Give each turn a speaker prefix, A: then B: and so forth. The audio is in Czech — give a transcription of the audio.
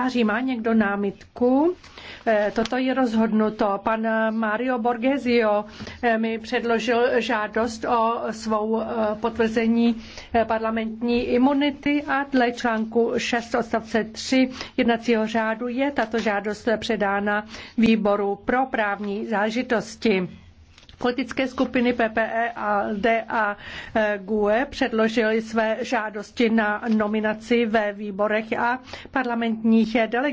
A: komentáři. má někdo námitku? Eh, toto je rozhodnuto. Pan Mario Borgesio eh, mi předložil žádost o svou eh, potvrzení parlamentní imunity a dle článku 6 odstavce 3 jednacího řádu je tato žádost předána výboru pro právní záležitosti. Politické skupiny PPE, ALD a eh, GUE předložily své žádosti na nominaci ve výborech a parlamentních
B: delegacích.